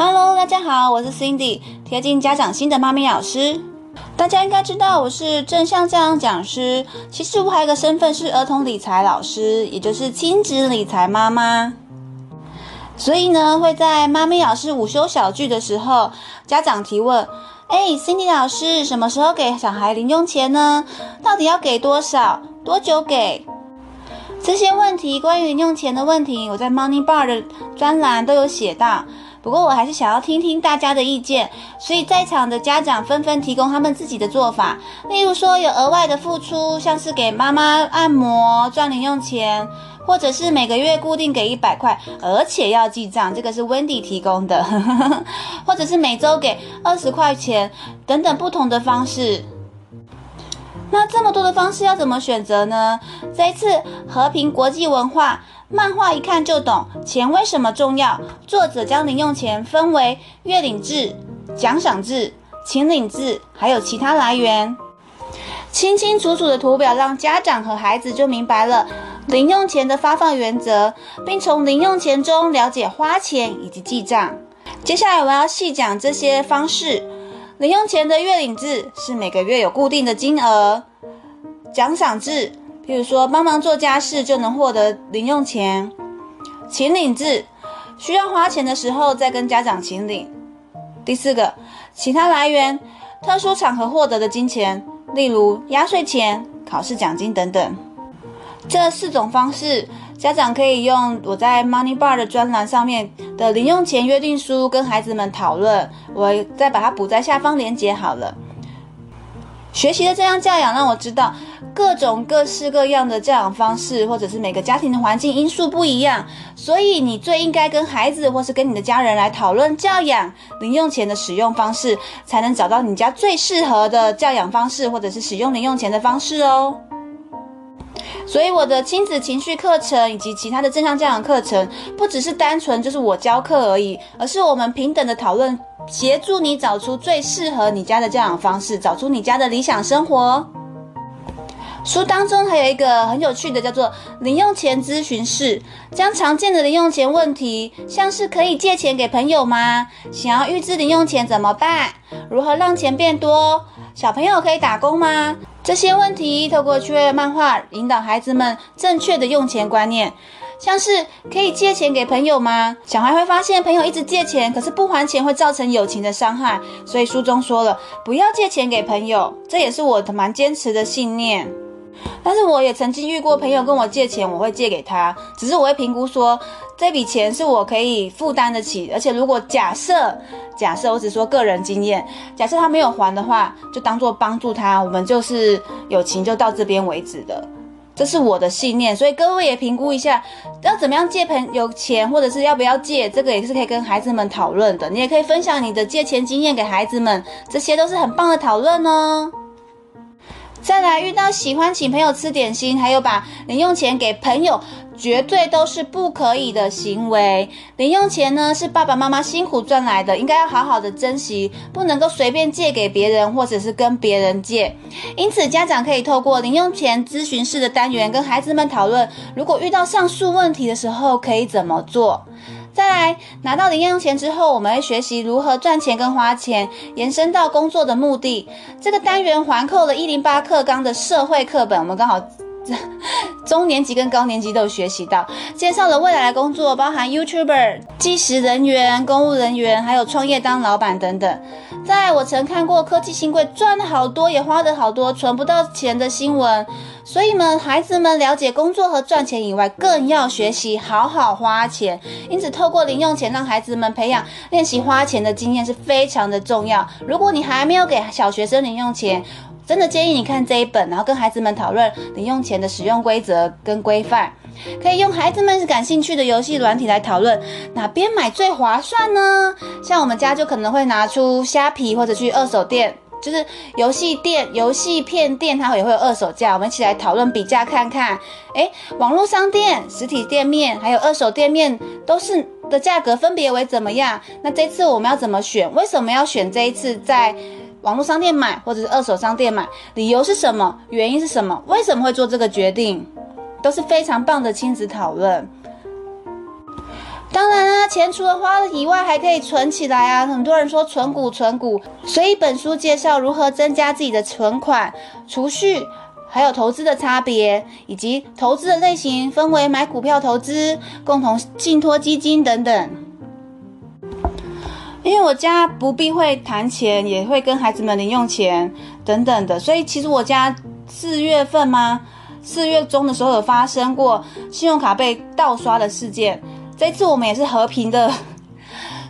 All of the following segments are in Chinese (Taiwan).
Hello，大家好，我是 Cindy，貼近家長心的媽咪老師。大家應該知道我是正向教養講師，其實我還有個身份是兒童理財老師，也就是親子理財媽媽。所以呢，會在媽咪老師午休小聚的時候，家長提問：“欸，Cindy 老師，什麼時候給小孩零用錢呢？到底要給多少？多久給？”這些問題，關於零用錢的問題，我在 Money Bar 的專欄都有寫到。不過我還是想要聽聽大家的意見，所以在場的家長紛紛提供他們自己的做法，例如說有額外的付出，像是給媽媽按摩賺零用錢，或者是每個月固定給一百塊，而且要記賬，這個是 Wendy 提供的呵呵，或者是每周給二十塊錢等等不同的方式。那這麼多的方式要怎麼選擇呢？這一次，和平國際文化，漫畫一看就懂，錢為什麼重要？作者將零用錢分為月領制、獎賞制、請領制，還有其他來源。清清楚楚的圖表讓家長和孩子就明白了零用錢的發放原則，並從零用錢中了解花錢以及記賬。接下來我要細講這些方式。零用錢的月領制是每個月有固定的金額，獎賞制。比如說，幫忙做家事就能獲得零用錢。請領制，需要花錢的時候再跟家長請領。第四個，其他來源，特殊場合獲得的金錢，例如壓歲錢、考試獎金等等。這四種方式，家長可以用我在 Money Bar 的專欄上面的零用錢約定書跟孩子們討論，我再把它補在下方鏈接好了。學習的正向教養讓我知道，各種各式各樣的教養方式，或者是每個家庭的環境因素不一樣，所以你最應該跟孩子，或是跟你的家人來討論教養零用錢的使用方式，才能找到你家最適合的教養方式，或者是使用零用錢的方式哦。所以我的親子情緒課程以及其他的正向教養課程，不只是單純就是我教課而已，而是我們平等的討論。協助你找出最適合你家的教養方式，找出你家的理想生活。書當中還有一個很有趣的，叫做“零用錢諮詢室”，將常見的零用錢問題，像是可以借錢給朋友嗎？想要預支零用錢怎麼辦？如何讓錢變多？小朋友可以打工嗎？這些問題，透過趣味漫畫，引導孩子們正確的用錢觀念。像是可以借錢給朋友嗎？小孩會發現朋友一直借錢，可是不還錢會造成友情的傷害，所以書中說了不要借錢給朋友，這也是我蠻堅持的信念。但是我也曾經遇過朋友跟我借錢，我會借給他，只是我會評估說這筆錢是我可以負擔得起，而且如果假設假設我只說個人經驗，假設他沒有還的話，就當做幫助他，我們就是友情就到這邊為止的。這是我的信念，所以各位也評估一下，要怎麼樣借朋友錢，或者是要不要借，這個也是可以跟孩子們討論的。你也可以分享你的借錢經驗給孩子們，這些都是很棒的討論哦。再來遇到喜歡請朋友吃點心，還有把零用錢給朋友，絕對都是不可以的行為。零用錢呢，是爸爸媽媽辛苦賺來的，應該要好好的珍惜，不能夠隨便借給別人或者是跟別人借。因此，家長可以透過零用錢諮詢室的單元，跟孩子們討論，如果遇到上述問題的時候，可以怎麼做。再來拿到零用錢之後，我們會學習如何賺錢跟花錢，延伸到工作的目的。這個單元環扣了一零八課綱的社會課本，我們剛好中年級跟高年級都有學習到，介紹了未來的工作，包含 YouTuber、計時人員、公務人員，還有創業當老闆等等。再來，我曾看過科技新貴賺了好多，也花了好多，存不到錢的新聞。所以們，孩子們了解工作和賺錢以外，更要學習好好花錢。因此，透過零用錢讓孩子們培養，練習花錢的經驗是非常的重要。如果你還沒有給小學生零用錢，真的建議你看這一本，然後跟孩子們討論零用錢的使用規則跟規範。可以用孩子們感興趣的遊戲軟體來討論，哪邊買最划算呢？像我們家就可能會拿出蝦皮或者去二手店，就是遊戲店、遊戲片店，它也會有二手價。我們一起來討論比價，看看，哎、欸，網絡商店、實體店面，還有二手店面，都是的價格分別為怎麼樣？那這次我們要怎麼選？為什麼要選這一次在網絡商店買，或者是二手商店買？理由是什麼？原因是什麼？為什麼會做這個決定？都是非常棒的親子討論。當然啦、啊，錢除了花了以外，還可以存起來啊。很多人說存股、存股，所以本書介紹如何增加自己的存款、儲蓄，還有投資的差別，以及投資的類型，分為買股票投資、共同信托基金等等。因為我家不避諱談錢，也會跟孩子們零用錢等等的，所以其實我家四月份嘛，四月中的時候有發生過信用卡被盜刷的事件。這一次我們也是和平的、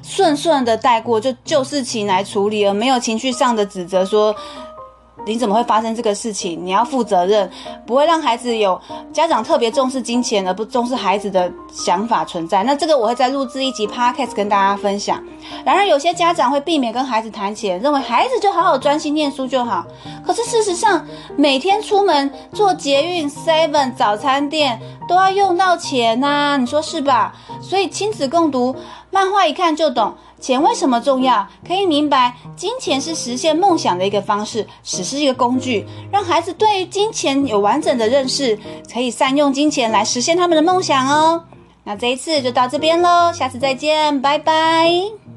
順順的帶過，就舊事情來處理了，沒有情緒上的指責，說，你怎麼會發生這個事情？你要負責任，不會讓孩子有家長特別重視金錢而不重視孩子的想法存在。那這個我會再錄製一集 podcast 跟大家分享。然而，有些家長會避免跟孩子談錢，認為孩子就好好專心念書就好。可是事實上，每天出門坐捷運、Seven 早餐店都要用到錢吶，啊，你說是吧？所以親子共讀。漫畫一看就懂，錢為什麼重要？可以明白，金錢是實現夢想的一個方式，只是一個工具，讓孩子對於金錢有完整的認識，可以善用金錢來實現他們的夢想哦。那這一次就到這邊嘍，下次再見，拜拜。